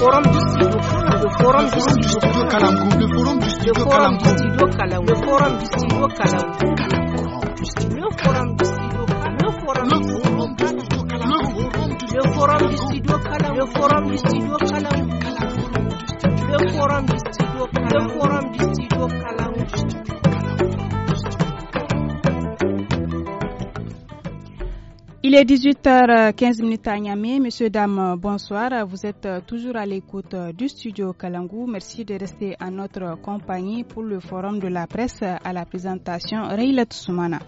forum district le forum district do kalangu le forum district do kalangu le forum district do kalangu le forum district do kalangu le forum district do kalangu le forum district do kalangu le forum district do kalangu le forum district do kalangu le forum district do kalangu est 18h15 à Niamey. Monsieur, dames, bonsoir. Vous êtes toujours à l'écoute du studio Kalangou. Merci de rester en notre compagnie pour le forum de la presse à la présentation Soumana.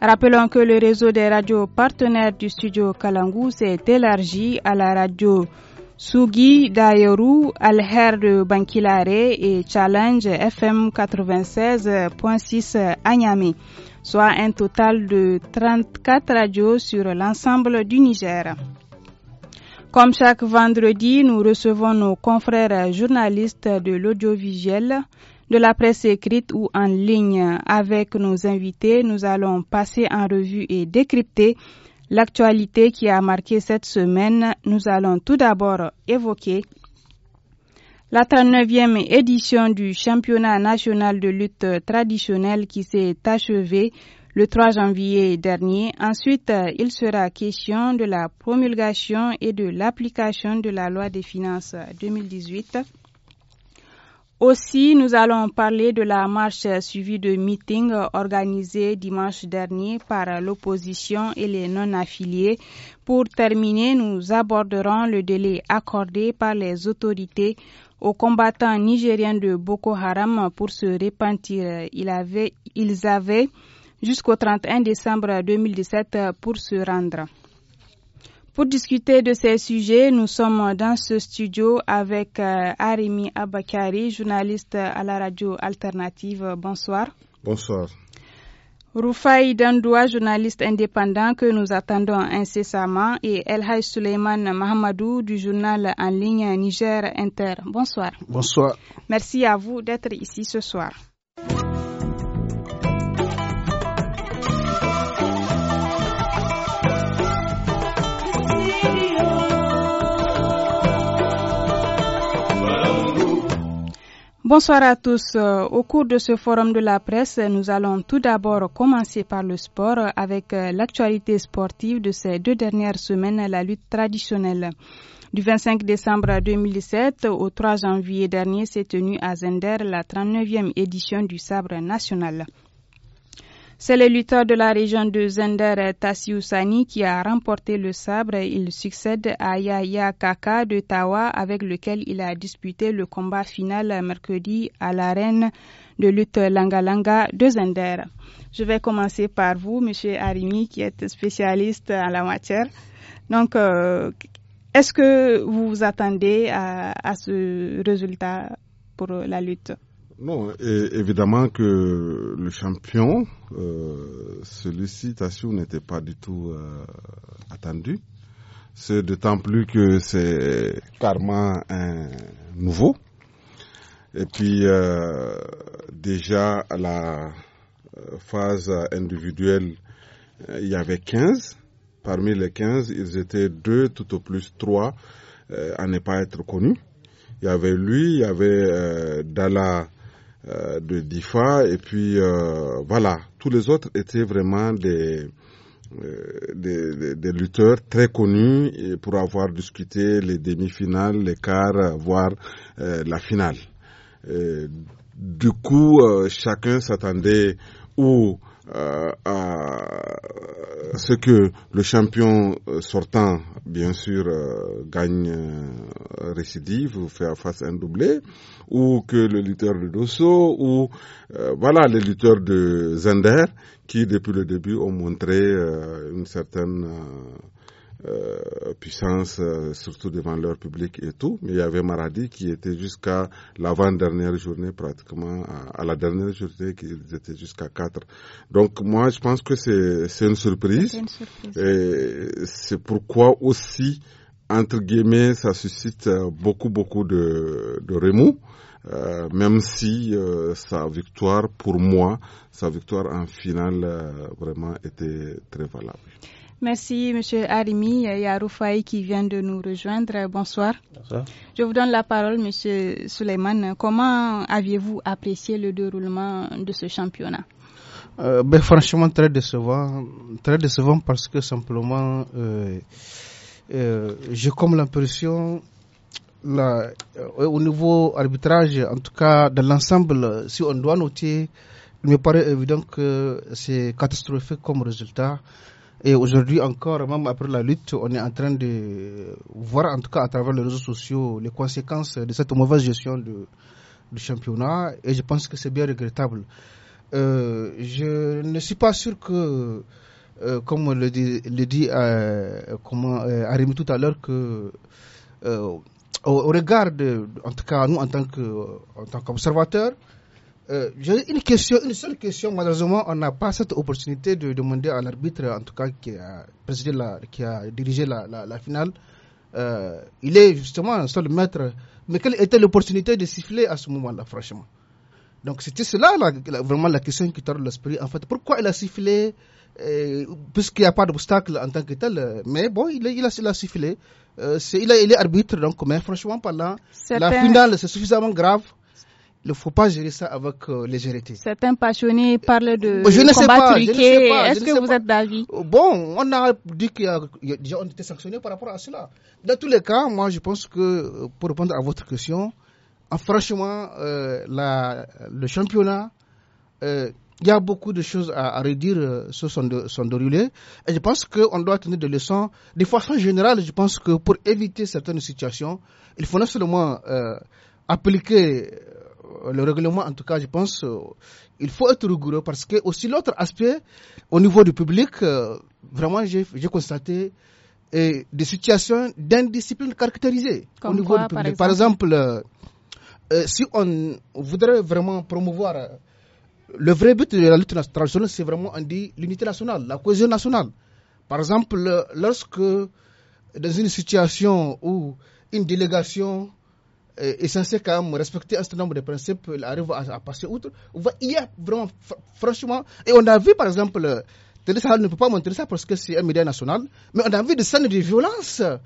Rappelons que le réseau des radios partenaires du studio Kalangou s'est élargi à la radio Sugi Dayoru, Alher de Bankilare et Challenge FM 96.6 à Niamey soit un total de 34 radios sur l'ensemble du Niger. Comme chaque vendredi, nous recevons nos confrères journalistes de l'audiovisuel, de la presse écrite ou en ligne. Avec nos invités, nous allons passer en revue et décrypter l'actualité qui a marqué cette semaine. Nous allons tout d'abord évoquer la 39e édition du championnat national de lutte traditionnelle qui s'est achevée le 3 janvier dernier. Ensuite, il sera question de la promulgation et de l'application de la loi des finances 2018. Aussi, nous allons parler de la marche suivie de meetings organisés dimanche dernier par l'opposition et les non-affiliés. Pour terminer, nous aborderons le délai accordé par les autorités aux combattants nigériens de Boko Haram pour se repentir. ils avaient jusqu'au 31 décembre 2017 pour se rendre. Pour discuter de ces sujets, nous sommes dans ce studio avec euh, Arimi Abakari, journaliste à la radio alternative. Bonsoir. Bonsoir. Roufaï Dandoua, journaliste indépendant que nous attendons incessamment, et Elhaï Suleiman Mahamadou du journal en ligne Niger Inter. Bonsoir. Bonsoir. Merci à vous d'être ici ce soir. Bonsoir à tous. Euh, au cours de ce forum de la presse, nous allons tout d'abord commencer par le sport avec euh, l'actualité sportive de ces deux dernières semaines, la lutte traditionnelle. Du 25 décembre 2017 au 3 janvier dernier s'est tenue à Zender la 39e édition du sabre national. C'est le lutteur de la région de Zender Tasiusani qui a remporté le sabre. Il succède à Yaya Kaka de Tawa avec lequel il a disputé le combat final mercredi à l'arène de lutte Langalanga de Zender. Je vais commencer par vous, Monsieur Arimi, qui êtes spécialiste en la matière. Donc, euh, est-ce que vous vous attendez à ce résultat pour la lutte non, évidemment que le champion, euh, Tassou, n'était pas du tout euh, attendu. C'est d'autant plus que c'est carrément un nouveau. Et puis euh, déjà à la euh, phase individuelle, il y avait 15. Parmi les 15, ils étaient deux, tout au plus trois, à ne pas être connus. Il y avait lui, il y avait Dalla euh, de DIFA. Et puis, euh, voilà, tous les autres étaient vraiment des, euh, des, lutteurs très connus pour avoir discuté les demi-finales, les quarts, voire la finale. du coup, chacun s'attendait où euh, à ce que le champion euh, sortant, bien sûr, euh, gagne euh, récidive ou fait face à un doublé, ou que le lutteur de Dosso, ou voilà les lutteurs de Zender, qui depuis le début ont montré une certaine euh, puissance, euh, surtout devant leur public et tout. Mais il y avait Maradi qui était jusqu'à l'avant-dernière journée, pratiquement, à, la dernière journée, qui étaient jusqu'à 4. Donc moi, je pense que c'est une surprise. Une surprise. Et c'est pourquoi aussi, entre guillemets, ça suscite euh, beaucoup, beaucoup de, de remous. même si sa victoire, pour moi, sa victoire en finale vraiment était très valable. Merci, Monsieur Arimi Yaroufaï qui vient de nous rejoindre. Bonsoir. Je vous donne la parole, Monsieur Suleiman. Comment aviez-vous apprécié le déroulement de ce championnat euh, ben, Franchement, très décevant. Très décevant parce que simplement, euh, euh, j'ai comme l'impression au niveau arbitrage, en tout cas dans l'ensemble, si on doit noter, il me paraît évident que c'est catastrophique comme résultat. Et aujourd'hui encore, même après la lutte, on est en train de voir, en tout cas à travers les réseaux sociaux, les conséquences de cette mauvaise gestion du championnat. Et je pense que c'est bien regrettable. Euh, je ne suis pas sûr que, euh, comme le dit, le euh, Arim tout à l'heure, que au, au, regard, en tout cas nous en tant qu'observateurs, euh, J'ai une question, une seule question. Malheureusement, on n'a pas cette opportunité de demander à l'arbitre, en tout cas qui a présidé la, qui a dirigé la, la, la finale. Euh, il est justement un seul maître. Mais quelle était l'opportunité de siffler à ce moment-là, franchement Donc c'était cela la, vraiment la question qui tord l'esprit. En fait, pourquoi il a sifflé euh, Puisqu'il n'y a pas d'obstacle en tant que tel. Euh, mais bon, il, il, a, il a, sifflé. Euh, il, a, il, est arbitre, donc, mais franchement parlant, la finale, c'est suffisamment grave il ne faut pas gérer ça avec euh, légèreté. Certains passionnés parlent de je ne sais pas, Est-ce que vous êtes d'avis euh, Bon, on a dit qu'on était sanctionné par rapport à cela. Dans tous les cas, moi je pense que euh, pour répondre à votre question, franchement, la, le championnat, il y a beaucoup de choses à, redire sur son, de, Et je pense qu'on doit tenir des leçons. De façon générale, je pense que pour éviter certaines situations, il faut non seulement appliquer euh, le règlement, en tout cas, je pense, euh, il faut être rigoureux parce que aussi l'autre aspect, au niveau du public, euh, vraiment, j'ai constaté des situations d'indiscipline caractérisées au niveau du public. Par exemple, si on voudrait vraiment promouvoir le vrai but de la lutte nationale, c'est vraiment, on dit, l'unité nationale, la cohésion nationale. Par exemple, lorsque dans une situation où une délégation est euh, censé quand même respecter un certain nombre de principes, il arrive à, passer outre. Il y a vraiment, franchement, et on a vu par exemple, euh, Télé ne peut pas montrer ça parce que c'est un média national, mais on a vu des scènes de violence. Euh,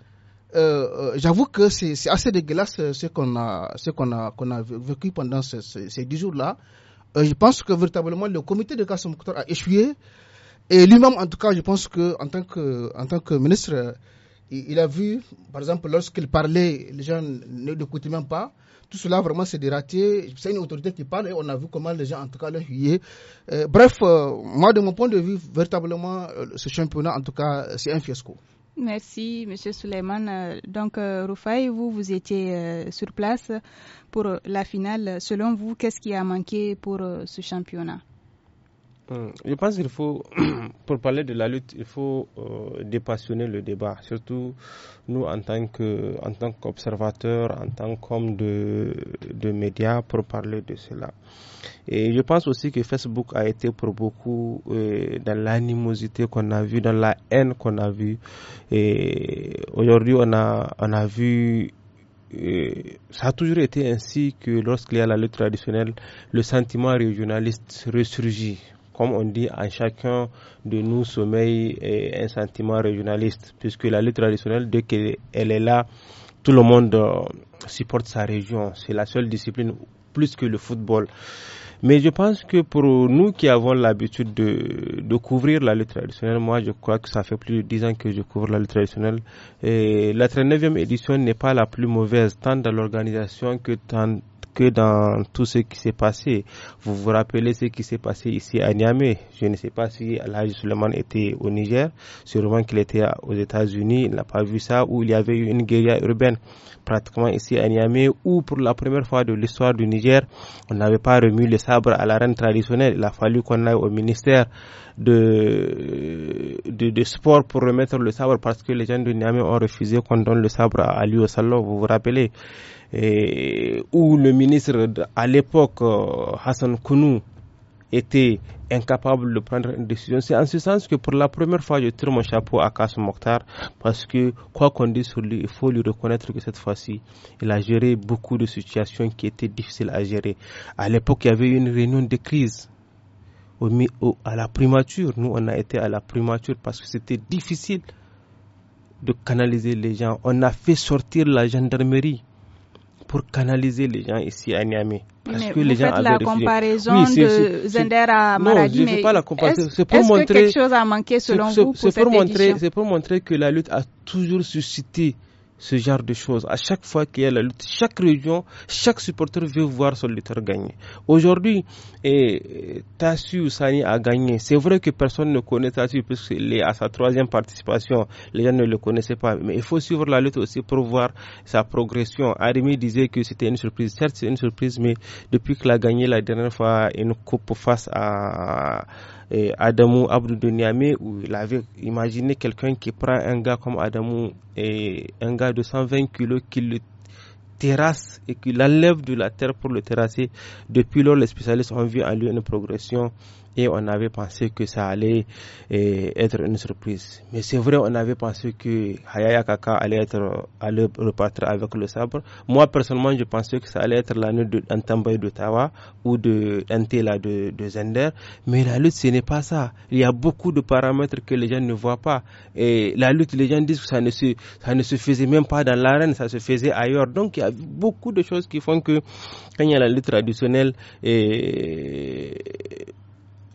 euh j'avoue que c'est assez dégueulasse ce qu'on a, ce qu'on a, qu'on a vécu pendant ces ces dix jours-là. je pense que véritablement le comité de Kassam a échoué. Et lui-même, en tout cas, je pense que en tant que, en tant que ministre, il a vu, par exemple, lorsqu'il parlait, les gens ne l'écoutaient même pas. Tout cela, vraiment, c'est dératé. C'est une autorité qui parle et on a vu comment les gens, en tout cas, le hué. Euh, bref, euh, moi, de mon point de vue, véritablement, euh, ce championnat, en tout cas, c'est un fiasco. Merci, Monsieur Suleiman. Donc, Rufai, vous, vous étiez sur place pour la finale. Selon vous, qu'est-ce qui a manqué pour ce championnat Hum, je pense qu'il faut, pour parler de la lutte, il faut euh, dépassionner le débat. Surtout nous, en tant que, en tant qu'observateurs, en tant qu'hommes de, de médias, pour parler de cela. Et je pense aussi que Facebook a été pour beaucoup euh, dans l'animosité qu'on a vue, dans la haine qu'on a vue. Et aujourd'hui, on a, on a vu euh, ça a toujours été ainsi que lorsqu'il y a la lutte traditionnelle, le sentiment régionaliste ressurgit comme on dit, à chacun de nous sommeille un sentiment régionaliste, puisque la lutte traditionnelle, dès qu'elle est là, tout le monde euh, supporte sa région. C'est la seule discipline, plus que le football. Mais je pense que pour nous qui avons l'habitude de, couvrir la lutte traditionnelle, moi je crois que ça fait plus de dix ans que je couvre la lutte traditionnelle, et la 39e édition n'est pas la plus mauvaise tant dans l'organisation que tant que dans tout ce qui s'est passé. Vous vous rappelez ce qui s'est passé ici à Niamey. Je ne sais pas si Alhaji Suleiman était au Niger, sûrement qu'il était aux États-Unis, il n'a pas vu ça, où il y avait eu une guérilla urbaine pratiquement ici à Niamey, où pour la première fois de l'histoire du Niger, on n'avait pas remis le sabre à la reine traditionnelle. Il a fallu qu'on aille au ministère de, de, de, sport pour remettre le sabre parce que les gens de Niamey ont refusé qu'on donne le sabre à au Salon, vous vous rappelez où le ministre à l'époque, euh, Hassan Kounou, était incapable de prendre une décision. C'est en ce sens que pour la première fois, je tire mon chapeau à Kass Mokhtar parce que, quoi qu'on dise sur lui, il faut lui reconnaître que cette fois-ci, il a géré beaucoup de situations qui étaient difficiles à gérer. À l'époque, il y avait une réunion de crise au, au, à la primature. Nous, on a été à la primature parce que c'était difficile de canaliser les gens. On a fait sortir la gendarmerie pour canaliser les gens ici à Niamey. Parce mais que vous les gens faites la comparaison oui, de Zender à Maradi, non, je ne pas la comparaison. C'est pour montrer que quelque chose a manqué selon vous pour cette pour montrer, C'est pour montrer que la lutte a toujours suscité ce genre de choses. À chaque fois qu'il y a la lutte, chaque région, chaque supporter veut voir son lutteur gagner. Aujourd'hui, Tassu Sani a gagné. C'est vrai que personne ne connaît Tassu puisqu'il est à sa troisième participation. Les gens ne le connaissaient pas. Mais il faut suivre la lutte aussi pour voir sa progression. Arimi disait que c'était une surprise. Certes, c'est une surprise, mais depuis qu'il a gagné la dernière fois une coupe face à Adamou Abdou il avait imaginé quelqu'un qui prend un gars comme Adamou et un gars de 120 kilos qui le terrasse et qui l'enlève de la terre pour le terrasser. Depuis lors, les spécialistes ont vu en lui une progression et on avait pensé que ça allait eh, être une surprise. Mais c'est vrai, on avait pensé que Hayaya Kaka allait être euh, le repartir avec le sabre. Moi personnellement, je pensais que ça allait être la lutte tambour d'Ottawa ou de Antela de, Zender, mais la lutte ce n'est pas ça. Il y a beaucoup de paramètres que les gens ne voient pas. Et la lutte, les gens disent que ça ne se ça ne se faisait même pas dans l'arène, ça se faisait ailleurs. Donc il y a beaucoup de choses qui font que quand il y a la lutte traditionnelle et eh,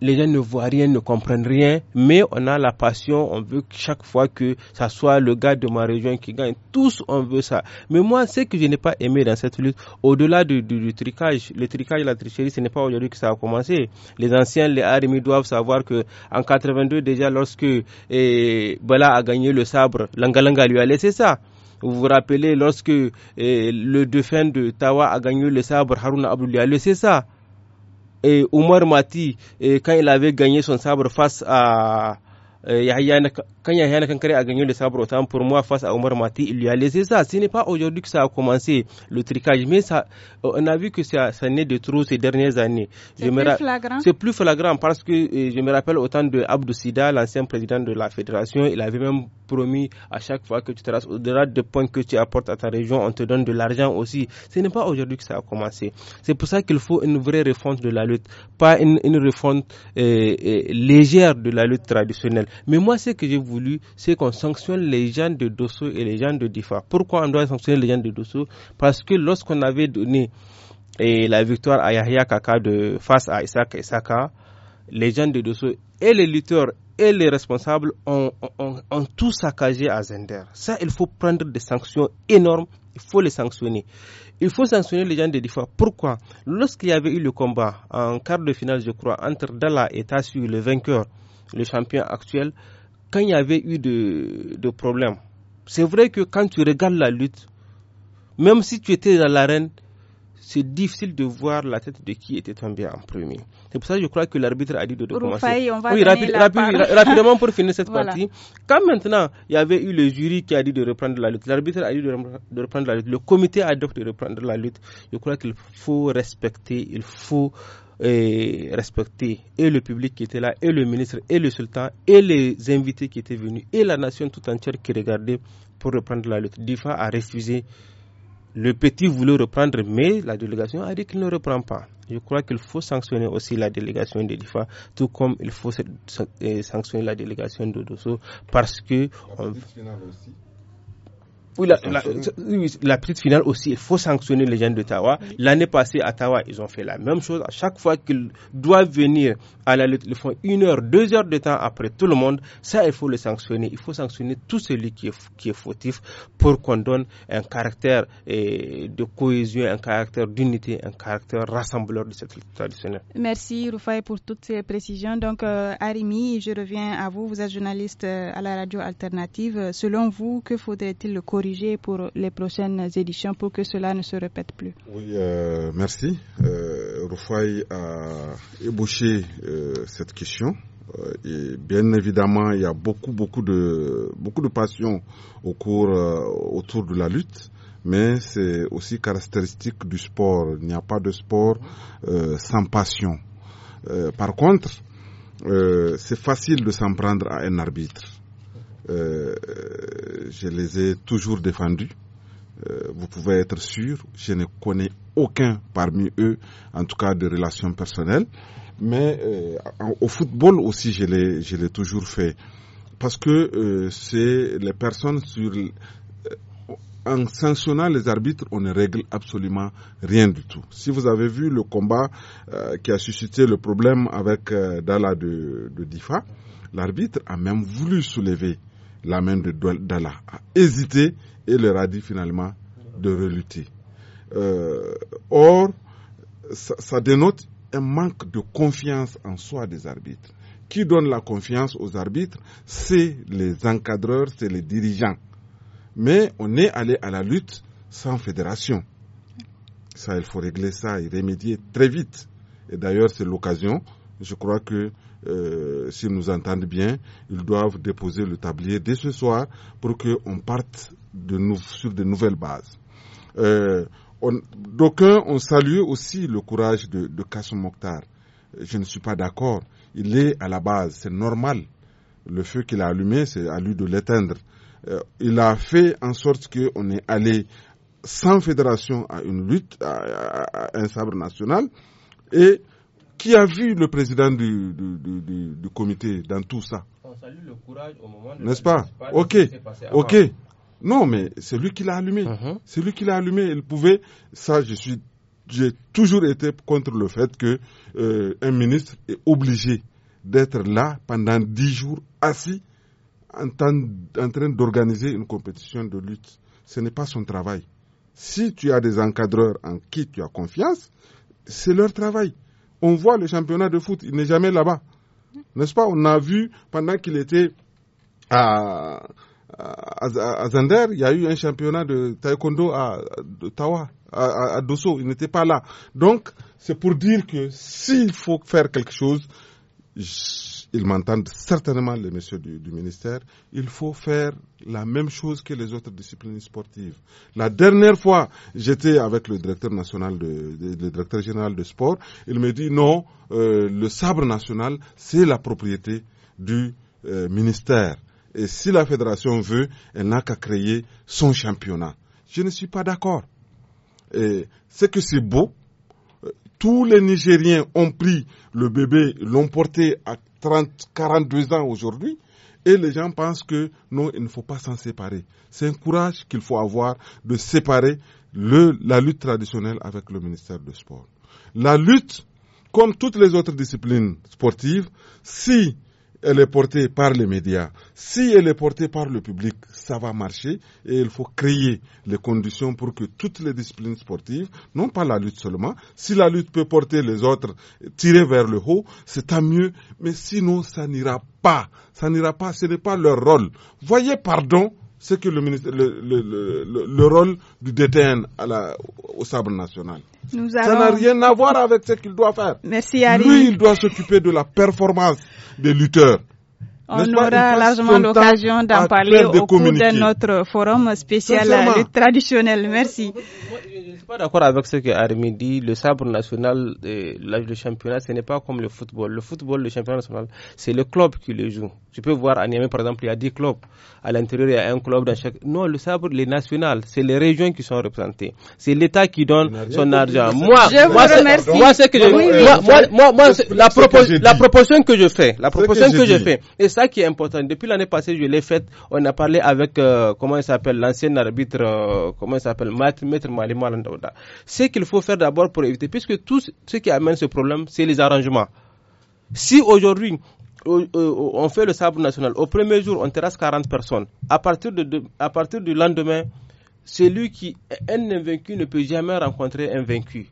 les gens ne voient rien, ne comprennent rien, mais on a la passion, on veut chaque fois que ça soit le gars de ma région qui gagne. Tous, on veut ça. Mais moi, ce que je n'ai pas aimé dans cette lutte, au-delà du, tricage, le tricage, la tricherie, ce n'est pas aujourd'hui que ça a commencé. Les anciens, les armées doivent savoir que en 82, déjà, lorsque eh, Bala a gagné le sabre, Langalanga lui a laissé ça. Vous vous rappelez lorsque eh, le défunt de Tawa a gagné le sabre, Haruna lui a laissé ça et Omar Mati, quand il avait gagné son sabre face à euh, Yahya, quand Yahya Kankare a gagné le sabre autant pour moi face à Omar Mati, il lui a laissé ça. Ce n'est pas aujourd'hui que ça a commencé le tricage, mais ça, euh, on a vu que ça, ça naît de trop ces dernières années. C'est plus flagrant. C'est plus flagrant parce que euh, je me rappelle autant de Abdou Sida, l'ancien président de la fédération, il avait même promis à chaque fois que tu traces, au-delà de points que tu apportes à ta région, on te donne de l'argent aussi. Ce n'est pas aujourd'hui que ça a commencé. C'est pour ça qu'il faut une vraie refonte de la lutte, pas une, une refonte euh, euh, légère de la lutte traditionnelle. Mais moi, ce que j'ai voulu, c'est qu'on sanctionne les gens de Dosso et les gens de Difa. Pourquoi on doit sanctionner les gens de Dosso Parce que lorsqu'on avait donné euh, la victoire à Yahya Kaka de face à Isaac Isaka, les gens de Dosso et les lutteurs et les responsables ont, tout saccagé à Zender. Ça, il faut prendre des sanctions énormes. Il faut les sanctionner. Il faut sanctionner les gens de Difa. Pourquoi Lorsqu'il y avait eu le combat en quart de finale, je crois, entre Dalla et Tassu, le vainqueur, le champion actuel, quand il y avait eu de, de problèmes, c'est vrai que quand tu regardes la lutte, même si tu étais dans l'arène, c'est difficile de voir la tête de qui était tombé en premier. C'est pour ça que je crois que l'arbitre a dit de, recommencer. oui, rapidement pour finir cette partie. Quand maintenant, il y avait eu le jury qui a dit de reprendre la lutte, l'arbitre a dit de, reprendre la lutte, le comité a dit de reprendre la lutte, je crois qu'il faut respecter, il faut eh, respecter et le public qui était là, et le ministre, et le sultan, et les invités qui étaient venus, et la nation tout entière qui regardait pour reprendre la lutte. DIFA a refusé le petit voulait reprendre, mais la délégation a dit qu'il ne reprend pas. Je crois qu'il faut sanctionner aussi la délégation de tout comme il faut euh, sanctionner la délégation de Dosso, parce que... On... Oui, la, la, petite finale aussi, il faut sanctionner les gens d'Ottawa. L'année passée, à Tawa, ils ont fait la même chose. À chaque fois qu'ils doivent venir à la lutte, ils font une heure, deux heures de temps après tout le monde. Ça, il faut le sanctionner. Il faut sanctionner tout celui qui est, qui est fautif pour qu'on donne un caractère eh, de cohésion, un caractère d'unité, un caractère rassembleur de cette lutte traditionnelle. Merci, Rufai, pour toutes ces précisions. Donc, euh, Arimi, je reviens à vous. Vous êtes journaliste euh, à la radio alternative. Selon vous, que faudrait-il le corriger pour les prochaines éditions pour que cela ne se répète plus Oui, euh, merci. Euh, a ébauché euh, cette question. Euh, et bien évidemment, il y a beaucoup, beaucoup de, beaucoup de passion au cours, autour de la lutte mais c'est aussi caractéristique du sport. Il n'y a pas de sport sans passion. par contre, c'est facile de s'en prendre à un arbitre. Euh, je les ai toujours défendus. Euh, vous pouvez être sûr, je ne connais aucun parmi eux, en tout cas de relations personnelles. Mais euh, au football aussi, je l'ai, je toujours fait. Parce que c'est les personnes sur... En sanctionnant les arbitres, on ne règle absolument rien du tout. Si vous avez vu le combat qui a suscité le problème avec Dala de, de Difa, l'arbitre a même voulu soulever la main de Dalla, a hésité et leur a dit finalement de relutter. Euh, or, ça, ça dénote un manque de confiance en soi des arbitres. Qui donne la confiance aux arbitres C'est les encadreurs, c'est les dirigeants. Mais on est allé à la lutte sans fédération. Ça, il faut régler ça et remédier très vite. Et d'ailleurs, c'est l'occasion. Je crois que euh, s'ils nous entendent bien, ils doivent déposer le tablier dès ce soir pour qu'on parte de sur de nouvelles bases. Euh, D'aucuns ont salué aussi le courage de, de Mokhtar. Je ne suis pas d'accord. Il est à la base, c'est normal. Le feu qu'il a allumé, c'est à lui de l'éteindre. Euh, il a fait en sorte qu'on est allé sans fédération à une lutte, à, à un sabre national. Et qui a vu le président du, comité dans tout ça On salue le courage au moment de N'est-ce pas Ok, ok. Non, mais c'est lui qui l'a allumé. Mhm. C'est lui qui l'a allumé. Il pouvait. Ça, je suis. J'ai toujours été contre le fait que euh, un ministre est obligé d'être là pendant dix jours assis en train d'organiser une compétition de lutte. Ce n'est pas son travail. Si tu as des encadreurs en qui tu as confiance, c'est leur travail. On voit le championnat de foot, il n'est jamais là-bas. N'est-ce pas On a vu pendant qu'il était à, Zander, il y a eu un championnat de taekwondo à, à Dosso. Il n'était pas là. Donc, c'est pour dire que s'il faut faire quelque chose, ils m'entendent certainement, les messieurs du, ministère, il faut faire la même chose que les autres disciplines sportives. La dernière fois, j'étais avec le directeur national, de, le directeur général de sport, il me dit non, euh, le sabre national, c'est la propriété du euh, ministère. Et si la fédération veut, elle n'a qu'à créer son championnat. Je ne suis pas d'accord. Et c'est que c'est beau, tous les Nigériens ont pris le bébé, l'ont porté à 30, 42 ans aujourd'hui. Et les gens pensent que non, il ne faut pas s'en séparer. C'est un courage qu'il faut avoir de séparer la lutte traditionnelle avec le ministère du Sport. La lutte, comme toutes les autres disciplines sportives, si elle est portée par les médias, si elle est portée par le public, ça va marcher et il faut créer les conditions pour que toutes les disciplines sportives, non pas la lutte seulement, si la lutte peut porter les autres, tirer vers le haut, c'est tant mieux, mais sinon ça n'ira pas, ça n'ira pas, ce n'est pas leur rôle. Voyez, pardon, c'est que le, le, le, le, rôle du DTN à la, au sabre national. Ça n'a rien à voir avec ce qu'il doit faire. Merci, Lui, il doit s'occuper de la performance des lutteurs. On aura largement l'occasion d'en parler au cours de notre forum spécial traditionnel traditionnel. Merci. je ne suis pas d'accord avec ce que Armi dit. Le sabre national, l'âge le championnat, ce n'est pas comme le football. Le football, le championnat national, c'est le club qui le joue. Tu peux voir à Niamey, par exemple, il y a 10 clubs. À l'intérieur, il y a un club dans chaque. Non, le sabre, les national, c'est les régions qui sont représentées. C'est l'État qui donne son argent. Moi, je vous moi, moi, la, proposition que je fais, la proposition que, que, je fais, c'est ça qui est important. Depuis l'année passée, je l'ai fait, On a parlé avec, euh, comment il s'appelle, l'ancien arbitre, euh, comment il s'appelle, Maître, Maître C'est Ce qu'il faut faire d'abord pour éviter, puisque tout ce qui amène ce problème, c'est les arrangements. Si aujourd'hui, on fait le sabre national, au premier jour, on terrasse 40 personnes. À partir, de, à partir du lendemain, celui qui, est un invaincu, ne peut jamais rencontrer un vaincu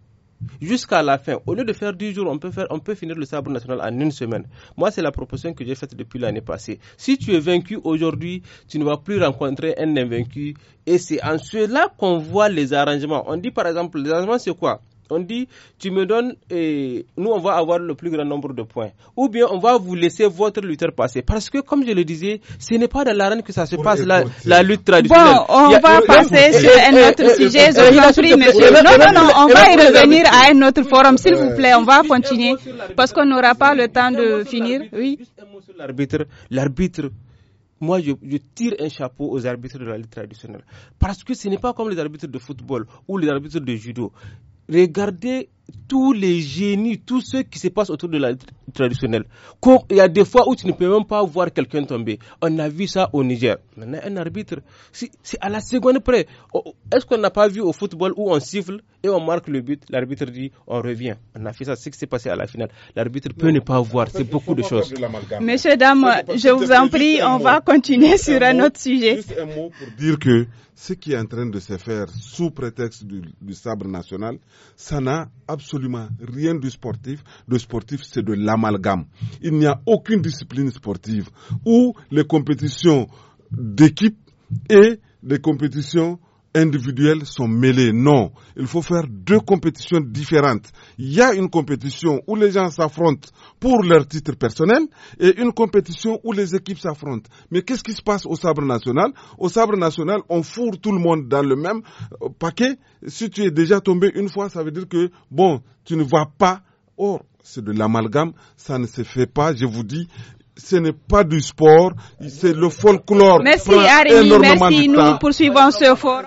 jusqu'à la fin. Au lieu de faire 10 jours, on peut, finir le sabre national en une semaine. Moi, c'est la proposition que j'ai faite depuis l'année passée. Si tu es vaincu aujourd'hui, tu ne vas plus rencontrer un invaincu. Et c'est en cela qu'on voit les arrangements. On dit par exemple, les arrangements, c'est quoi on dit, tu me donnes et nous, on va avoir le plus grand nombre de points. Ou bien, on va vous laisser votre lutteur passer. Parce que, comme je le disais, ce n'est pas dans l'arène que ça se passe, la, lutte traditionnelle. Bon, on va passer sur un autre sujet, je prie monsieur. Non, non, eh, non, on eh, va eh, y revenir à un autre forum, s'il vous plaît. On va continuer. Parce qu'on n'aura pas le temps de finir. Oui. L'arbitre, l'arbitre moi, je, tire un chapeau aux arbitres de la lutte traditionnelle. Parce que ce n'est pas comme les arbitres de football ou les arbitres de judo. Regardez tous les génies, tous ceux qui se passent autour de la traditionnelle. Il y a des fois où tu ne peux même pas voir quelqu'un tomber. On a vu ça au Niger. On a un arbitre, c'est à la seconde près. Oh, oh, est-ce qu'on n'a pas vu au football où on siffle et on marque le but, l'arbitre dit on revient. On a fait ça, c'est ce qui s'est passé à la finale. L'arbitre peut ne pas voir, c'est beaucoup de choses. Messieurs, dames, je vous en prie, on va continuer sur un, autre sujet. Juste un mot pour dire que ce qui est en train de se faire sous prétexte du, du sabre national, ça n'a absolument absolument rien de sportif. Le sportif, c'est de l'amalgame. Il n'y a aucune discipline sportive où les compétitions d'équipe et les compétitions individuels sont mêlés. Non, il faut faire deux compétitions différentes. Il y a une compétition où les gens s'affrontent pour leur titre personnel et une compétition où les équipes s'affrontent. Mais qu'est-ce qui se passe au sabre national Au sabre national, on fourre tout le monde dans le même euh, paquet. Si tu es déjà tombé une fois, ça veut dire que, bon, tu ne vas pas. Or, c'est de l'amalgame, ça ne se fait pas, je vous dis, ce n'est pas du sport, c'est le folklore. Merci Harry, merci. Nous poursuivons ce forum.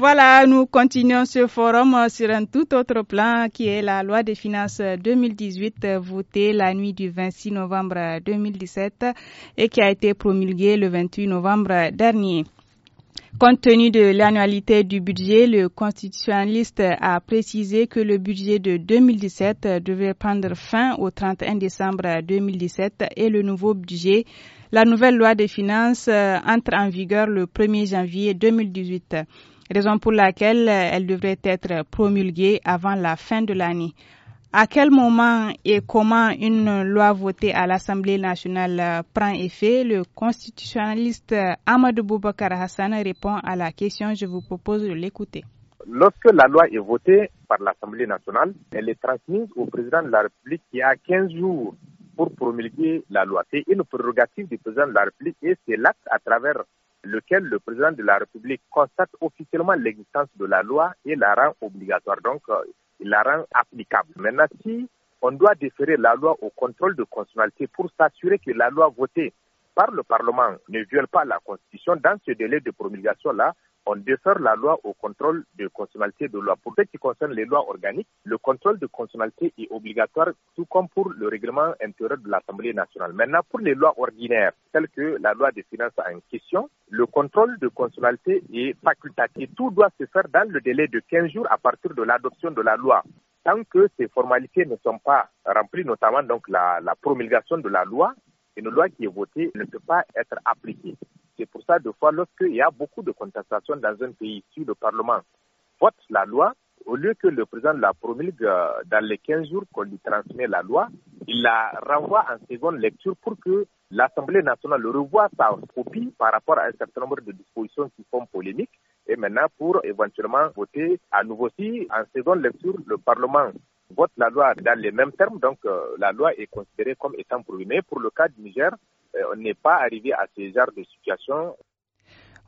Voilà, nous continuons ce forum euh, sur un tout autre plan qui est la loi des finances 2018 euh, euh, votée la nuit du 26 novembre 2017 et qui a été promulguée le 28 novembre dernier. Compte tenu de l'annualité du budget, le constitutionnaliste a précisé que le budget de 2017 devait prendre fin au 31 décembre 2017 et le nouveau budget, la nouvelle loi des finances, entre en vigueur le 1er janvier 2018 raison pour laquelle euh, elle devrait être promulguée avant la fin de l'année. À quel moment et comment une loi votée à l'Assemblée nationale euh, prend effet Le constitutionnaliste euh, Amadou Boubacar Hassan répond à la question. Je vous propose de l'écouter. Lorsque la loi est votée par l'Assemblée nationale, elle est transmise au président de la République qui a 15 jours pour promulguer la loi. C'est une prérogative du président de la République et c'est l'acte à travers lequel le président de la République constate officiellement l'existence de la loi et la rend obligatoire, donc euh, la rend applicable. Maintenant, si on doit déférer la loi au contrôle de constitutionnalité pour s'assurer que la loi votée par le Parlement ne viole pas la Constitution, dans ce délai de promulgation-là, on dessert la loi au contrôle de constitutionnalité de loi. Pour ce qui concerne les lois organiques, le contrôle de constitutionnalité est obligatoire, tout comme pour le règlement intérieur de l'Assemblée nationale. Maintenant, pour les lois ordinaires, telles que la loi des finances en question, le contrôle de constitutionnalité est facultatif. Tout doit se faire dans le délai de 15 jours à partir de l'adoption de la loi tant que ces formalités ne sont pas remplies, notamment donc la, la promulgation de la loi, une loi qui est votée ne peut pas être appliquée. C'est pour ça, deux fois, lorsqu'il y a beaucoup de contestations dans un pays, si le Parlement vote la loi, au lieu que le président la promulgue euh, dans les 15 jours qu'on lui transmet la loi, il la renvoie en seconde lecture pour que l'Assemblée nationale revoie sa copie par rapport à un certain nombre de dispositions qui font polémique et maintenant pour éventuellement voter à nouveau si en seconde lecture le Parlement vote la loi dans les mêmes termes, donc euh, la loi est considérée comme étant promulguée pour le cas du Niger, euh, on n'est pas arrivé à ces genre de situation.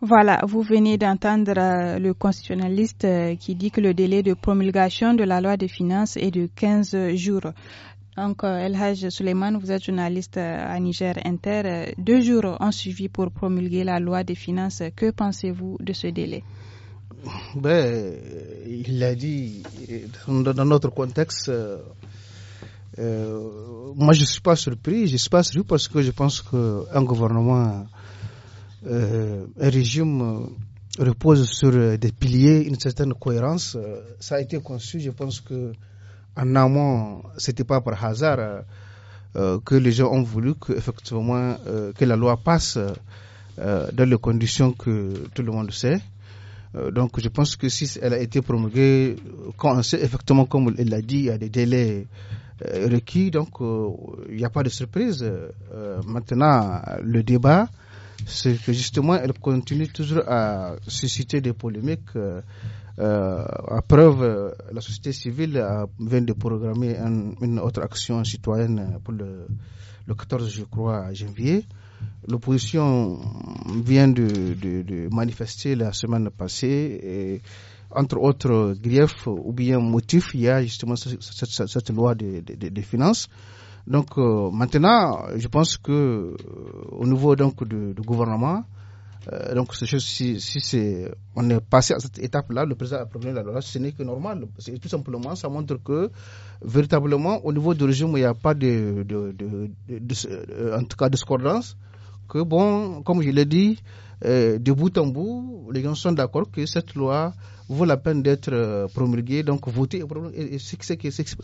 Voilà, vous venez d'entendre euh, le constitutionnaliste euh, qui dit que le délai de promulgation de la loi des finances est de 15 jours. Donc, Elhaj Suleiman, vous êtes journaliste à Niger Inter. Deux jours ont suivi pour promulguer la loi des finances. Que pensez-vous de ce délai ben, Il l'a dit, dans notre contexte, euh, moi, je ne suis pas surpris. Je ne suis pas surpris parce que je pense qu'un gouvernement, euh, un régime euh, repose sur euh, des piliers, une certaine cohérence. Euh, ça a été conçu, je pense que en amont, c'était pas par hasard que les gens ont voulu que, effectivement, que la loi passe dans les conditions que tout le monde sait. Donc, je pense que si elle a été promulguée, quand on sait effectivement, comme il l'a dit, il y a des délais euh, requis. Donc, euh, il n'y a pas de surprise. Euh, maintenant, le débat, c'est que justement, elle continue toujours à susciter des polémiques. Euh, à preuve, la société civile vient de programmer une autre action citoyenne pour le, 14, je crois, janvier. L'opposition vient de, de, de, manifester la semaine passée et entre autres griefs ou bien motifs, il y a justement cette, loi des de, finances. Donc euh, maintenant, je pense que euh, au niveau donc du, gouvernement, euh, donc si, c'est on est passé à cette étape-là, le président a promis la loi, ce n'est que normal. tout simplement, ça montre que véritablement au niveau du régime, il n'y a pas de, en tout cas discordance que, bon, comme je l'ai dit, euh, de bout en bout, les gens sont d'accord que cette loi vaut la peine d'être euh, promulguée, donc votée. Et, c'est ce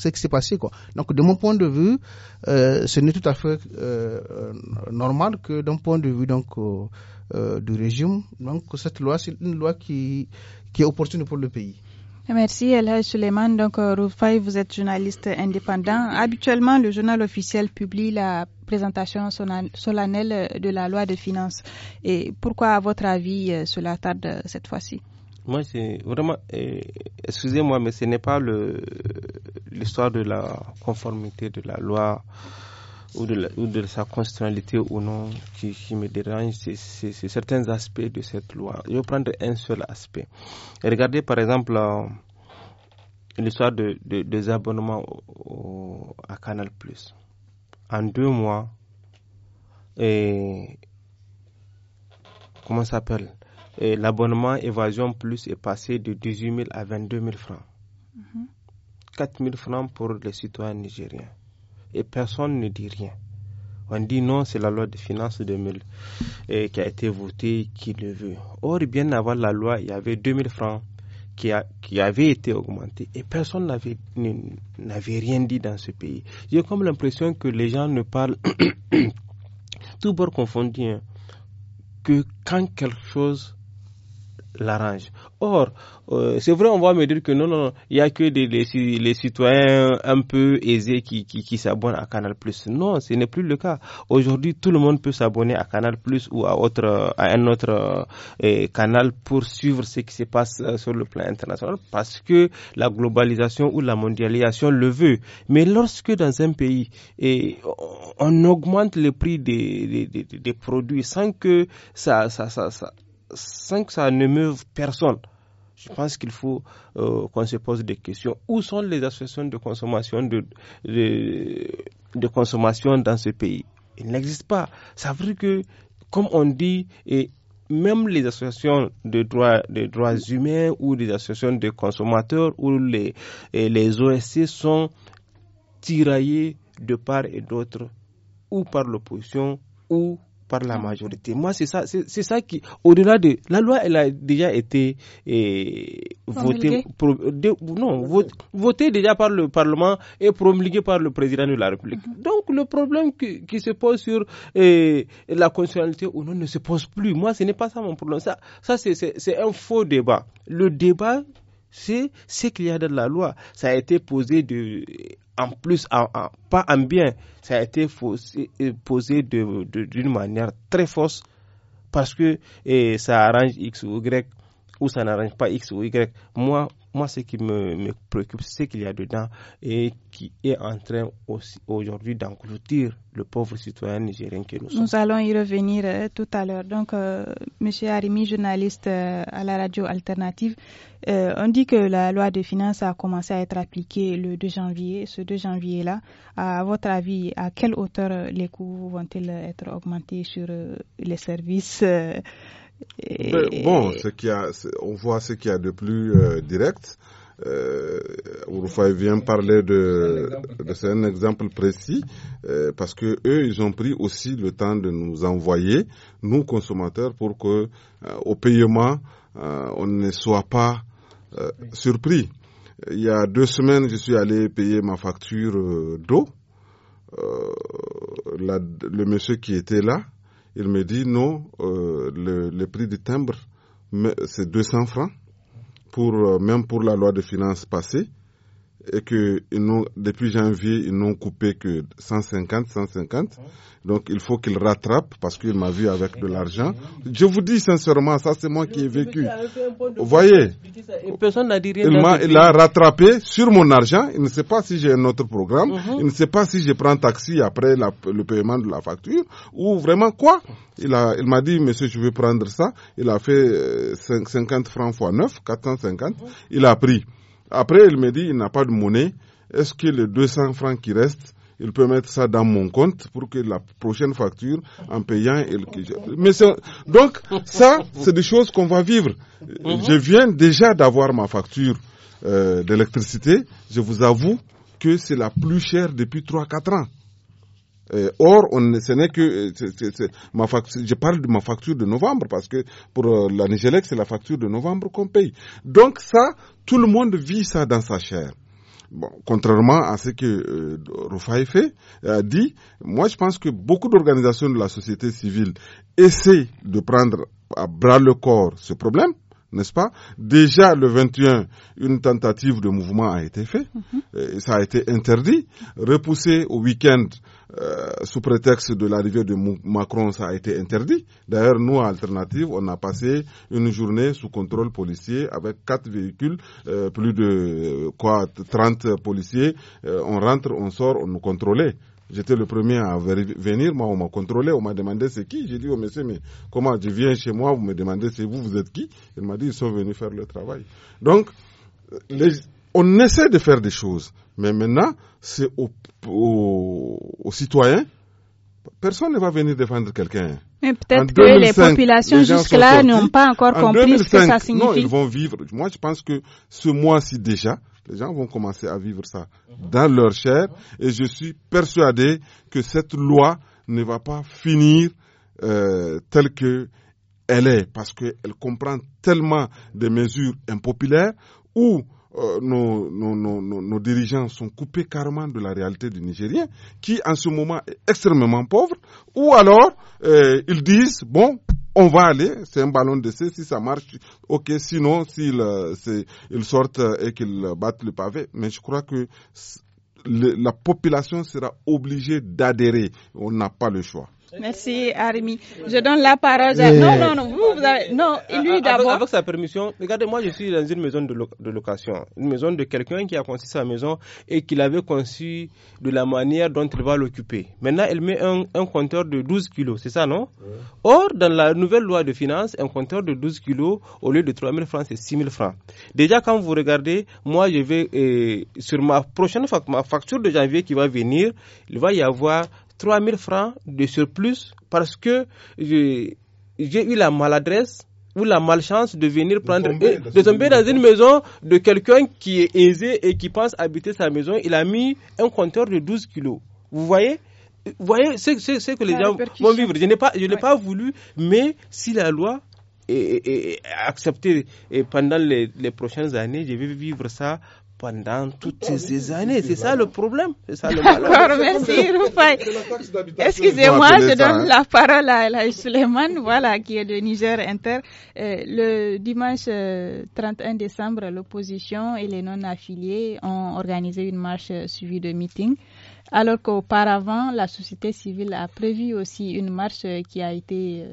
qui s'est passé. Quoi. Donc, de mon point de vue, euh, ce n'est tout à fait normal que, d'un point de vue donc, du régime, donc, cette loi, c'est une loi qui, qui est opportune pour le pays. Merci Elhaj Suleiman. Donc, Rufai, vous êtes journaliste indépendant. Habituellement, le journal officiel publie la présentation solennelle euh, de la loi de finances. Et pourquoi, à votre avis, euh, cela tarde euh, cette fois-ci Moi, c'est vraiment. Excusez-moi, mais ce n'est pas l'histoire de la conformité de la loi ou de, de sa constitutionnalité ou non qui, me dérange, c'est certains aspects de cette loi. Je vais prendre un seul aspect. Regardez par exemple l'histoire de, des abonnements à Canal Plus en deux mois, et comment s'appelle L'abonnement Évasion Plus est passé de 18 000 à 22 000 francs. 4 mm-hmm. 000 francs pour les citoyens nigériens. Et personne ne dit rien. On dit non, c'est la loi de finances 2000 qui a été votée qui le veut. Or, bien avant la loi, il y avait 2 000 francs qui, avait été augmenté et personne n'avait rien dit dans ce pays. J'ai comme l'impression que les gens ne parlent, tout bord confondu, hein, que quand quelque chose l'arrange. Or, euh, c'est vrai, on va me dire que non, non, il n'y a que des, les, citoyens un peu aisés qui, qui, qui s'abonnent à Canal+. Non, ce n'est plus le cas. Aujourd'hui, tout le monde peut s'abonner à Canal+, ou à, autre, à un autre euh, eh, canal pour suivre ce qui se passe euh, sur le plan international, parce que la globalisation ou la mondialisation le veut. Mais lorsque dans un pays, et eh, on augmente le prix des, des, des, des produits sans que ça, ça, ça, ça sans que ça ne meuve personne. Je pense qu'il faut euh, qu'on se pose des questions. Où sont les associations de consommation de, de, consommation dans ce pays Il n'existe pas. Ça veut dire que, comme on dit, et même les associations de droits, de droits humains ou des associations de consommateurs ou les, les OSC sont tiraillées de part et d'autre, ou par l'opposition ou par la ah. majorité. Moi, c'est ça, c'est ça qui, au-delà de la loi, elle a déjà été euh, votée, non, votée déjà par le Parlement et promulguée par le président de la République. Mhm. Donc, le problème qui, se pose sur euh, la constitutionnalité ou non ne se pose plus. Moi, ce n'est pas ça mon problème. Ça, ça c'est un faux débat. Le débat c'est ce qu'il y a dans la loi. Ça a été posé de, en plus, pas en bien, ça a été euh, posé, posé d'une manière très fausse parce que eh, ça arrange X ou Y ou ça n'arrange pas X ou Y. Moi, moi, ce qui me, préoccupe, c'est ce qu'il y a dedans et qui est en train aujourd'hui d'engloutir le pauvre citoyen nigérien que nous sommes. Nous allons y revenir euh, tout à l'heure. Donc, euh, Monsieur Arimi, journaliste euh, à la radio alternative, euh, on dit que la loi de finances a commencé à être appliquée le 2 janvier. Ce 2 janvier-là, à votre avis, à quelle hauteur les coûts vont-ils être augmentés sur les services bon, ce on voit ce qu'il y a de plus euh, direct. Euh, vient parler de, c'est un, exemple précis euh, parce que eux ils ont pris aussi le temps de nous envoyer nous consommateurs pour que euh, au paiement on ne soit pas surpris. Il y a deux semaines je suis allé payer ma facture d'eau. le monsieur qui était là il me dit non, euh, le, prix du timbre, c'est 200 francs, pour, euh, même pour la loi de finances passée et que ils depuis janvier, ils n'ont coupé que 150, 150. Donc il faut qu'ils rattrapent parce qu'il m'a vu avec de l'argent. Je vous dis sincèrement, ça c'est moi qui ai vécu. Vous voyez, personne n'a Il m'a, rattrapé sur mon argent. Il ne sait pas si j'ai un autre programme. Mhm. Il ne sait pas si je prends taxi après le paiement de la facture ou vraiment quoi. Il a, il m'a dit, monsieur, je veux prendre ça. Il a fait 50 euh, francs fois 9, 450. Mhm. Il a pris. Après, il me dit, il n'a pas de monnaie. Est-ce que les 200 francs qui restent, il peut mettre ça dans mon compte pour que la prochaine facture, en payant, il... Mais donc, ça, c'est des choses qu'on va vivre. Mhm. Je viens déjà d'avoir ma facture euh, d'électricité. Je vous avoue que c'est la plus chère depuis 3-4 ans. Euh, or, on, ce n'est que euh, ma facture, je parle de ma facture de novembre parce que pour euh, la Nigelec, c'est la facture de novembre qu'on paye. Donc ça, tout le monde vit ça dans sa chair. Bon, contrairement à ce que euh, fait, a dit, moi je pense que beaucoup d'organisations de la société civile essaient de prendre à bras le corps ce problème n'est-ce pas Déjà le 21, une tentative de mouvement a été faite, mhm. ça a été interdit, repoussé au week-end euh, sous prétexte de l'arrivée de Macron, ça a été interdit. D'ailleurs, nous, à Alternative, on a passé une journée sous contrôle policier avec quatre véhicules, euh, plus de quoi trente policiers. Euh, on rentre, on sort, on nous contrôlait. J'étais le premier à venir, moi, on m'a contrôlé, on m'a demandé c'est qui. J'ai dit au oh, monsieur, mais comment je viens chez moi, vous me demandez c'est vous, vous êtes qui Il m'a dit, ils sont venus faire le travail. Donc, on essaie de faire des choses, mais maintenant, c'est aux, citoyens personne ne va venir défendre quelqu'un. Mais peut-être que les populations jusque-là n'ont pas encore compris ce que ça signifie. Non, ils vont vivre. Moi, je pense que ce mois-ci déjà, les gens vont commencer à vivre ça dans leur chair. Et je suis persuadé que cette loi ne va pas finir euh, telle que elle est, parce qu'elle comprend tellement de mesures impopulaires où euh, nos, nos, nos, dirigeants sont coupés carrément de la réalité du Nigérien, qui en ce moment est extrêmement pauvre, ou alors euh, ils disent, bon, on va aller, c'est un ballon de C, si ça marche, ok, sinon, s'ils euh, sortent euh, et qu'ils euh, battent le pavé, mais je crois que la population sera obligée d'adhérer, on n'a pas le choix. Merci, Armi. Je donne la parole à... Eh. Non, non, non, vous, avez... Non, lui d'abord. Avec, sa permission, regardez, moi, je suis dans une maison de, de location. Une maison de quelqu'un qui a conçu sa maison et qui l'avait conçue de la manière dont il va l'occuper. Maintenant, elle met un, un compteur de 12 kilos, c'est ça, non Or, dans la nouvelle loi de finances, un compteur de 12 kilos, au lieu de 3 000 francs, c'est 6 000 francs. Déjà, quand vous regardez, moi, je vais... Euh, sur ma prochaine facture de janvier qui va venir, il va y avoir 3000 francs de surplus parce que j'ai eu la maladresse ou la malchance de venir prendre, de tomber, dans une maison de quelqu'un qui est aisé et qui pense habiter sa maison. Il a mis un compteur de 12 kilos. Vous voyez Vous voyez ce que les gens vont vivre. Je n'ai pas, je pas voulu, mais si la loi est acceptée pendant les, les, prochaines années, je vais vivre ça pendant toutes ces années. C'est ça le problème. C'est merci, Rufai. Excusez-moi, je donne hein. la parole à la Suleiman, voilà, qui est de Niger Inter. Euh, le dimanche 31 euh, décembre, l'opposition et les non-affiliés ont organisé une marche suivie de meeting. Alors qu'auparavant, la société civile a prévu aussi une marche qui a été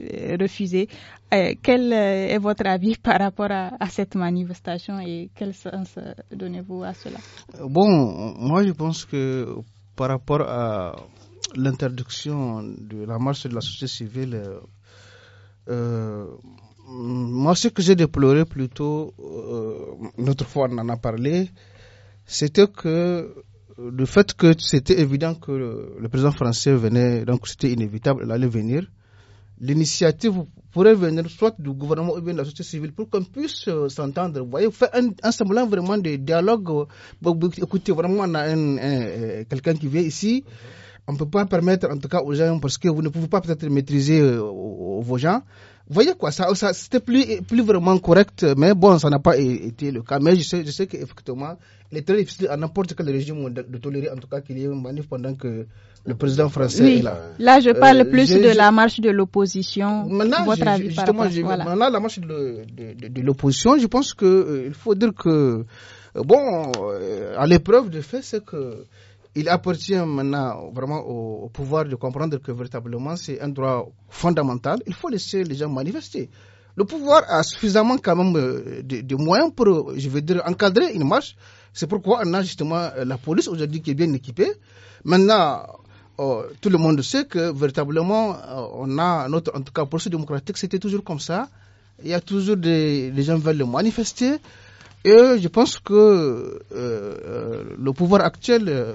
euh, refusée. Euh, quel euh, est votre avis par rapport à, cette manifestation et quel sens donnez-vous à cela Bon, moi je pense que par rapport à l'interdiction de la marche de la société civile, moi ce que j'ai déploré plutôt, notre fois on en a parlé, c'était que euh, le fait que c'était évident que le, président français venait, donc c'était inévitable, il allait venir, l'initiative pourrait venir soit du gouvernement ou bien de la société civile pour qu'on puisse euh, s'entendre. Vous voyez, faire un, semblant vraiment de dialogue. Euh, écoutez, vraiment, on a quelqu'un qui vient ici. On ne peut pas permettre, en tout cas, aux gens, parce que vous ne pouvez pas peut-être maîtriser vos gens. Vous voyez quoi, ça, ça c'était plus, plus vraiment correct, mais bon, ça n'a pas été le cas. Mais je sais, je sais qu'effectivement, il est très difficile à n'importe quel régime de, tolérer, en tout cas, qu'il y ait une manif pendant que le président français est là. Là, je parle euh, plus de la marche de l'opposition. Maintenant, votre avis par rapport, maintenant, la marche de, l'opposition, je pense que euh, il faut dire que, euh, bon, à l'épreuve de fait, c'est que il appartient maintenant vraiment au, pouvoir de comprendre que véritablement c'est un droit fondamental. Il faut laisser les gens manifester. Le pouvoir a suffisamment quand même euh, de, moyens pour, je veux dire, encadrer une marche. C'est pourquoi on a justement euh, la police aujourd'hui qui est bien équipée. Maintenant, euh, tout le monde sait que véritablement, on a notre, en tout cas, processus démocratique, c'était toujours comme ça. Il y a toujours des, gens gens veulent manifester. Et je pense que le pouvoir actuel,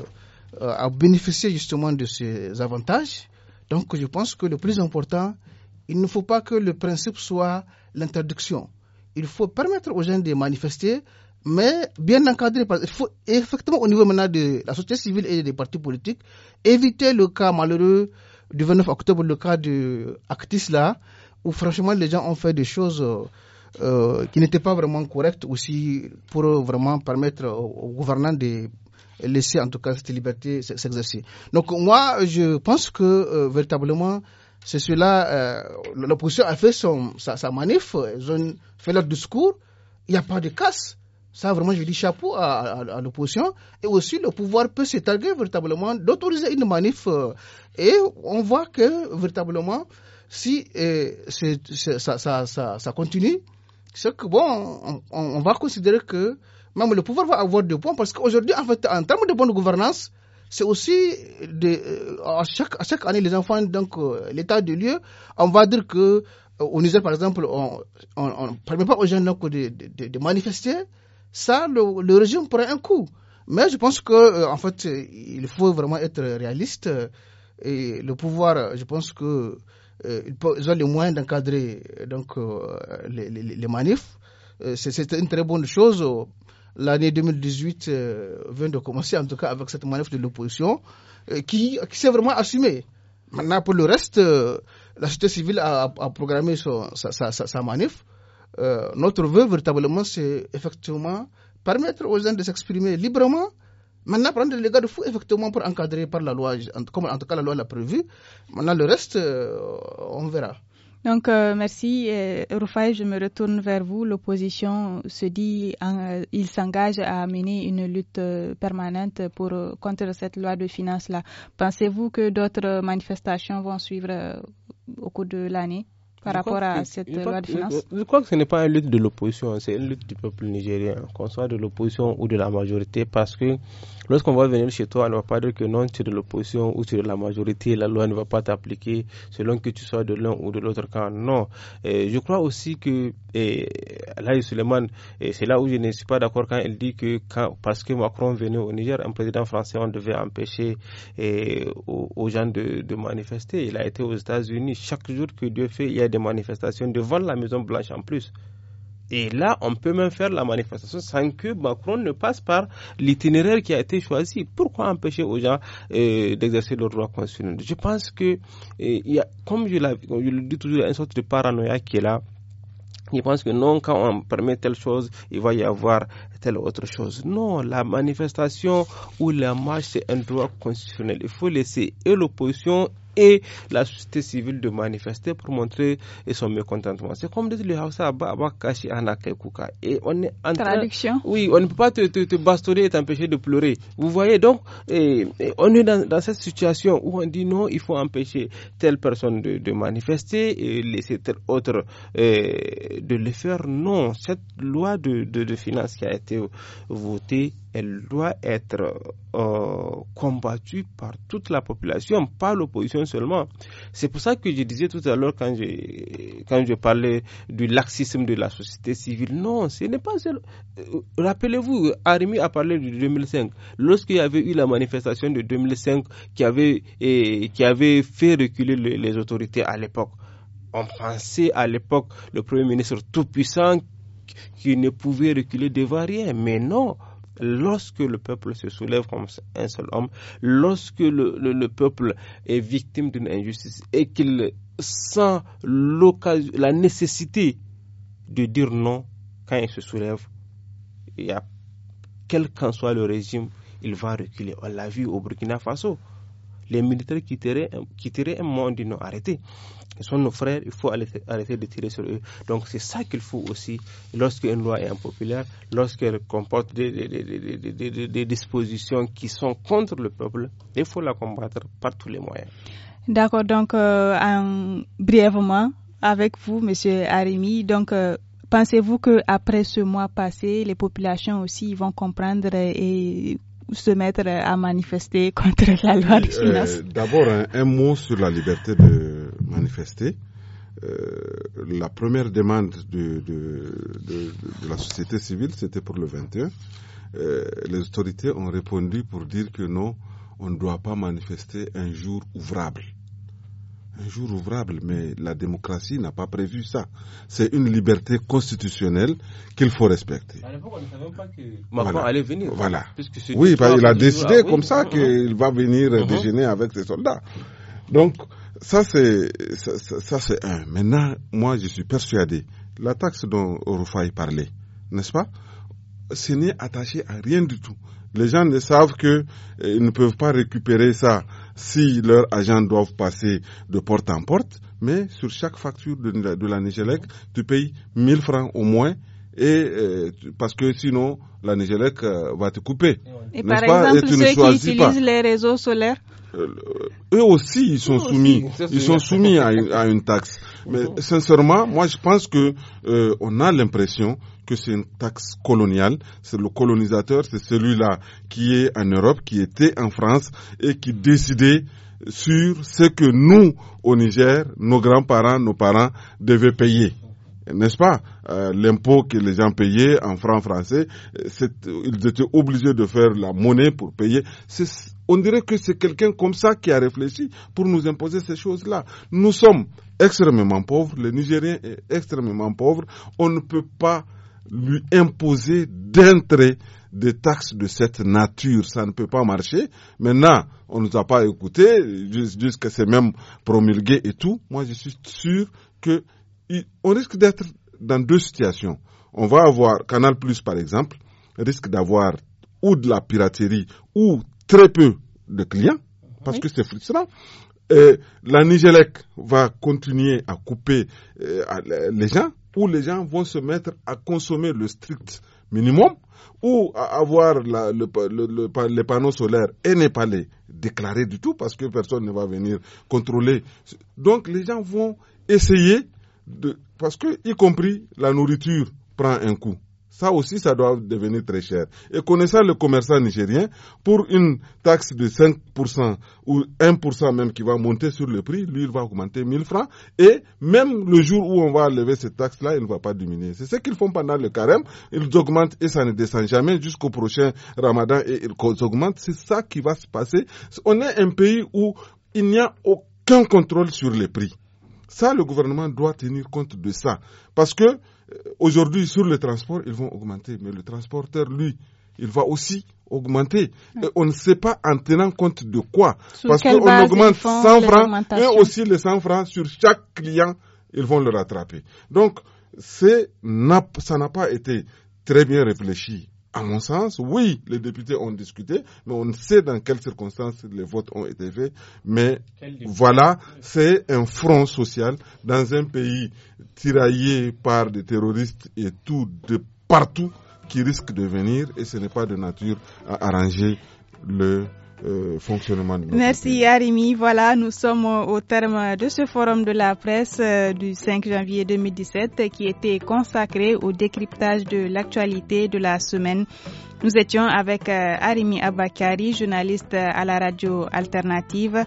euh, à bénéficier justement de ces avantages. Donc je pense que le plus important, il ne faut pas que le principe soit l'interdiction. Il faut permettre aux gens de manifester, mais bien encadré. Il faut effectivement au niveau maintenant de la société civile et des partis politiques éviter le cas malheureux du 29 octobre, le cas de Actis là, où franchement les gens ont fait des choses euh, qui n'étaient pas vraiment correctes aussi pour vraiment permettre aux gouvernants de laisser en tout cas cette liberté s'exercer. Donc moi, je pense que euh, véritablement, c'est cela, euh, l'opposition a fait son, sa, sa manif, ils ont fait leur discours, il n'y a pas de casse. Ça, vraiment, je dis chapeau à, à, l'opposition. Et aussi, le pouvoir peut s'étaler véritablement d'autoriser une manif. Euh, et on voit que, véritablement, si ça, ça, ça, ça, continue, c'est que, bon, on, on va considérer que même le pouvoir va avoir des points parce qu'aujourd'hui, en fait, en termes de bonne gouvernance, c'est aussi de, euh, à, chaque, année, les enfants, donc euh, l'état de lieu, on va dire que euh, au Niger, par exemple, on ne permet pas aux jeunes de, manifester. Ça, le, régime prend un coup. Mais je pense que, en fait, il faut vraiment être réaliste. Et le pouvoir, je pense que euh, ils ont les moyens d'encadrer donc les, manifs. c'est une très bonne chose l'année 2018 euh, vient de commencer, en tout cas avec cette manif de l'opposition, euh, qui, qui s'est vraiment assumée. Maintenant, pour le reste, euh, la société civile a, a programmé son, sa, sa, manif. notre vœu, véritablement, c'est effectivement permettre aux gens de s'exprimer librement. Maintenant, prendre les gars de fou, effectivement, pour encadrer par la loi, comme en tout cas la loi l'a prévu. Maintenant, le reste, on verra. Donc, euh, merci. Euh, Rufai, je me retourne vers vous. L'opposition se dit, euh, il s'engage à mener une lutte euh, permanente pour, contre cette loi de finances-là. Pensez-vous que d'autres manifestations vont suivre au cours de l'année par rapport à cette loi de finances je, crois que ce n'est pas une lutte de l'opposition, hein. c'est une lutte du peuple nigérien, qu'on soit de l'opposition ou de la majorité, parce que Lorsqu'on va venir chez toi, on ne va pas dire que non, tu es de l'opposition ou tu es de la majorité, la loi ne va pas t'appliquer selon que tu sois de l'un ou de l'autre camp. Non. je crois aussi que et, là, Suleiman, c'est là où je ne suis pas d'accord quand il dit que parce que Macron venait au Niger, un président français, on devait empêcher aux, gens de, de manifester. Il a été aux États-Unis. Chaque jour que Dieu fait, il y a des manifestations devant la Maison Blanche en plus. Et là, on peut même faire la manifestation sans que Macron ne passe par l'itinéraire qui a été choisi. Pourquoi empêcher aux gens euh, d'exercer leur droit constitutionnel Je pense que, euh, y a, comme je, le dis toujours, il y a une sorte de paranoïa qui est là. Je pense que non, quand on permet telle chose, il va y avoir telle autre chose. Non, la manifestation ou la marche, c'est un droit constitutionnel. Il faut laisser et l'opposition et la société civile de manifester pour montrer son mécontentement. C'est comme dit le Hausa Abakashi Anakekuka. Et on est en Traduction. Train, oui, on ne peut pas te, te, bastonner et t'empêcher de pleurer. Vous voyez, donc, et, on est dans, dans, cette situation où on dit non, il faut empêcher telle personne de, de manifester et laisser telle autre de le faire. Non, cette loi de, de, de finances qui a été votée elle doit être euh, combattue par toute la population, pas l'opposition seulement. C'est pour ça que je disais tout à l'heure quand je, quand je parlais du laxisme de la société civile. Non, ce n'est pas seul. Euh, rappelez-vous, Arimi a parlé de 2005. Lorsqu'il y avait eu la manifestation de 2005 qui avait, qui avait fait reculer les autorités à l'époque, on pensait à l'époque le Premier ministre tout-puissant qui ne pouvait reculer devant rien. Mais non, Lorsque le peuple se soulève comme un seul homme, lorsque le, peuple est victime d'une injustice et qu'il sent la nécessité de dire non quand il se soulève, quel qu'en soit le régime, il va reculer. On l'a vu au Burkina Faso. Les militaires quitteraient, quitteraient un moment, dit non, arrêtez. Ce sont nos frères, il faut arrêter, de tirer sur eux. Donc c'est ça qu'il faut aussi, lorsqu'une loi est impopulaire, lorsqu'elle comporte des, dispositions qui sont contre le peuple, il faut la combattre par tous les moyens. D'accord, donc euh, brièvement avec vous, M. Arimi, donc euh, pensez-vous qu'après ce mois passé, les populations aussi vont comprendre et se mettre à manifester contre la loi de euh, D'abord, un mot sur la liberté de manifesté, euh, la première demande de, de, de, de la société civile, c'était pour le 21. Euh, les autorités ont répondu pour dire que non, on ne doit pas manifester un jour ouvrable. Un jour ouvrable, mais la démocratie n'a pas prévu ça. C'est une liberté constitutionnelle qu'il faut respecter. À l'époque, on savait pas que voilà. Voilà. oui, bah, il a décidé ah comme ça qu'il va venir uh-huh. déjeuner avec ses soldats. Donc, ça, c'est ça, ça, un. Maintenant, moi, je suis persuadé, la taxe dont Rufai parlait, n'est-ce pas Ce n'est attaché à rien du tout. Les gens ne savent que euh, ils ne peuvent pas récupérer ça si leurs agents doivent passer de porte en porte. Mais sur chaque facture de, de la Nigelec, tu payes 1000 francs au moins et euh, parce que sinon la Nigélec euh, va te couper. Et par exemple, ceux qui utilisent les réseaux solaires euh, eux aussi, ils sont soumis, ils sont soumis à une, taxe. Mais sincèrement, moi, je pense que on a l'impression que c'est une taxe coloniale. C'est le colonisateur, c'est celui-là qui est en Europe, qui était en France et qui décidait sur ce que nous, au Niger, nos grands-parents, nos parents devaient payer n'est-ce pas euh, L'impôt que les gens payaient en francs français, euh, ils étaient obligés de faire la monnaie pour payer. On dirait que c'est quelqu'un comme ça qui a réfléchi pour nous imposer ces choses-là. Nous sommes extrêmement pauvres, le Nigériens est extrêmement pauvre. On ne peut pas lui imposer d'entrée des taxes de cette nature. Ça ne peut pas marcher. Maintenant, on ne nous a pas écoutés, que c'est même promulgué et tout. Moi, je suis sûr que on risque d'être dans deux situations. On va avoir Canal Plus, par exemple, risque d'avoir ou de la piraterie ou très peu de clients, parce que c'est frustrant. Et la Nigélec va continuer à couper euh, les gens, ou les gens vont se mettre à consommer le strict minimum, ou à avoir les panneaux solaires et n'est pas les déclarer du tout, parce que personne ne va venir contrôler. Donc les gens vont essayer de, parce que y compris la nourriture prend un coût. Ça aussi, ça doit devenir très cher. Et connaissant le commerçant nigérien, pour une taxe de 5% ou 1% même qui va monter sur le prix, lui, il va augmenter 1000 francs. Et même le jour où on va lever cette taxe-là, il ne va pas diminuer. C'est ce qu'ils font pendant le carême. Ils augmentent et ça ne descend jamais jusqu'au prochain ramadan et ils augmentent. C'est ça qui va se passer. On est un pays où il n'y a aucun contrôle sur les prix. Ça, le gouvernement doit tenir compte de ça. Parce que euh, aujourd'hui, sur le transport, ils vont augmenter, mais le transporteur, lui, il va aussi augmenter. Hmm. Et on ne sait pas en tenant compte de quoi. parce qu'on augmente 100 francs, mais aussi les 100 francs sur chaque client, ils vont le rattraper. Donc, ça n'a pas été très bien réfléchi à mon sens, oui, les députés ont discuté, mais on ne sait dans quelles circonstances les votes ont été faits. Mais voilà, c'est un front social dans un pays tiraillé par des terroristes et tout de partout qui risque de venir et ce n'est pas de nature à arranger le euh, fonctionnement. Merci Arimi. Voilà, nous sommes au terme de ce forum de la presse euh, du 5 janvier 2017 qui était consacré au décryptage de l'actualité de la semaine. Nous étions avec euh, Arimi Abakari, journaliste à la radio alternative,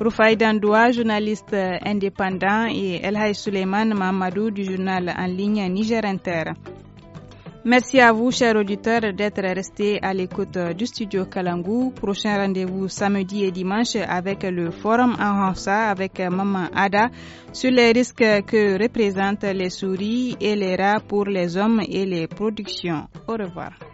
Rufaï Dandoua, journaliste indépendant et Elhaï Suleiman Mamadou du journal en ligne Niger Inter. Merci à vous, chers auditeurs, d'être restés à l'écoute du studio Kalangou. Prochain rendez-vous samedi et dimanche avec le forum en avec Maman Ada sur les risques que représentent les souris et les rats pour les hommes et les productions. Au revoir.